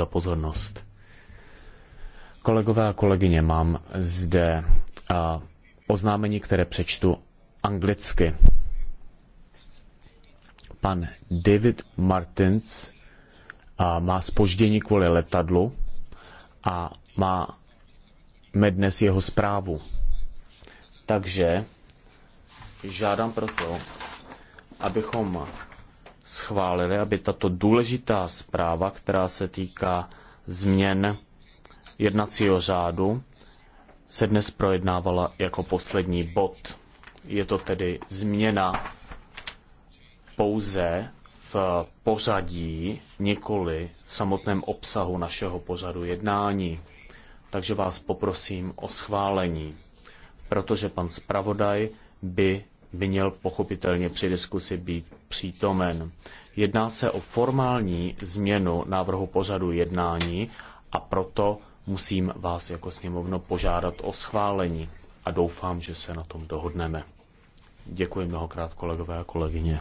za pozornost. Kolegové a kolegyně, mám zde oznámení, které přečtu anglicky. Pan David Martins má spoždění kvůli letadlu a má me dnes jeho zprávu. Takže žádám proto, abychom schválili, aby tato důležitá zpráva, která se týká změn jednacího řádu, se dnes projednávala jako poslední bod. Je to tedy změna pouze v pořadí, nikoli v samotném obsahu našeho pořadu jednání. Takže vás poprosím o schválení, protože pan zpravodaj by měl pochopitelně při diskusi být přítomen. Jedná se o formální změnu návrhu pořadu jednání a proto musím vás jako sněmovno požádat o schválení a doufám, že se na tom dohodneme. Děkuji mnohokrát kolegové a kolegyně.